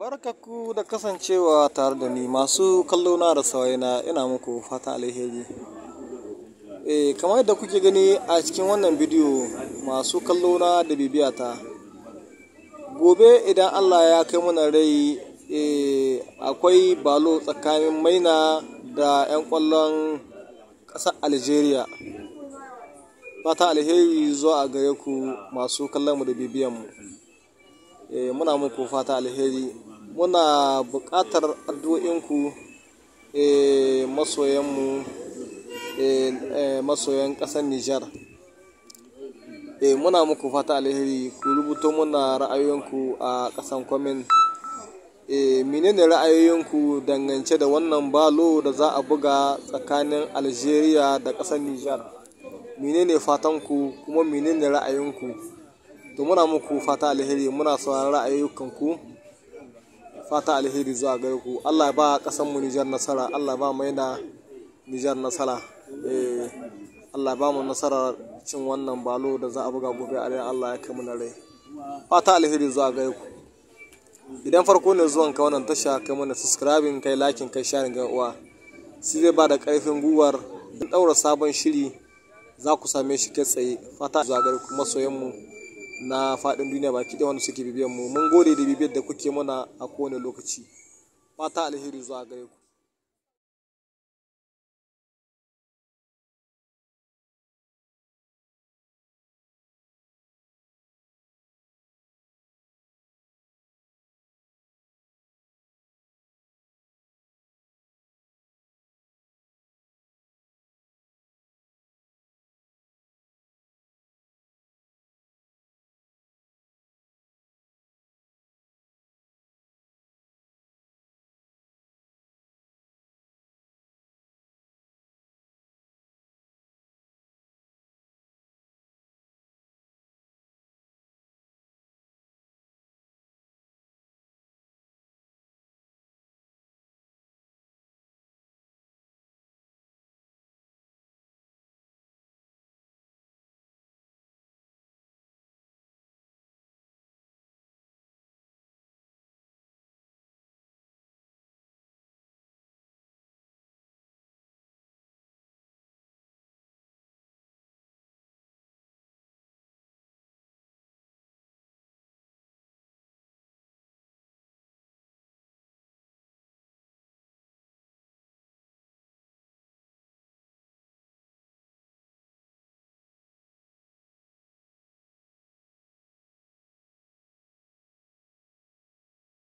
Barkaku da kasancewa tare da ni masu kallo na da sauyana ina muku fata alheri. E, kamar yadda kuke gani a cikin wannan bidiyo masu kallo na da bibiyata. Gobe idan Allah ya kai mana rai e, akwai balo tsakanin maina da 'yan kwallon ƙasar Algeria. Fata alheri zuwa a gare ku masu kallon mu da bibiyan mu. Eh, muna muku fata alheri muna buƙatar addu'o'inku eh, eh, eh, masoyan ƙasar Nijar. muna muku fata alheri ku rubuto muna ra'ayoyinku a ƙasan kwamin. menene ra'ayoyinku dangance da wannan balo da za a buga tsakanin Algeria da ƙasar Nijar? Menene fatanku kuma menene ra'ayinku? To muna muku fata alheri muna sauran ra'ayoyinku. fata alheri zuwa gare ku Allah ya ba kasan mu Nijar nasara Allah ba mu yana Nijar nasara eh Allah ba mu nasara cin wannan balo da za a buga gobe a Allah ya kai mu na rai fata alheri zuwa gare ku idan farko ne zuwan ka wannan tasha kai mana subscribing kai lakin kai share ga uwa shi zai ba da karfin guwar dan daura sabon shiri za ku same shi kai tsaye fata zuwa gare ku masoyan mu na faɗin duniya baki da wanda suke bibiyan mu mun gode da bibiyar da kuke muna a kowane lokaci fata alheri zuwa gare ku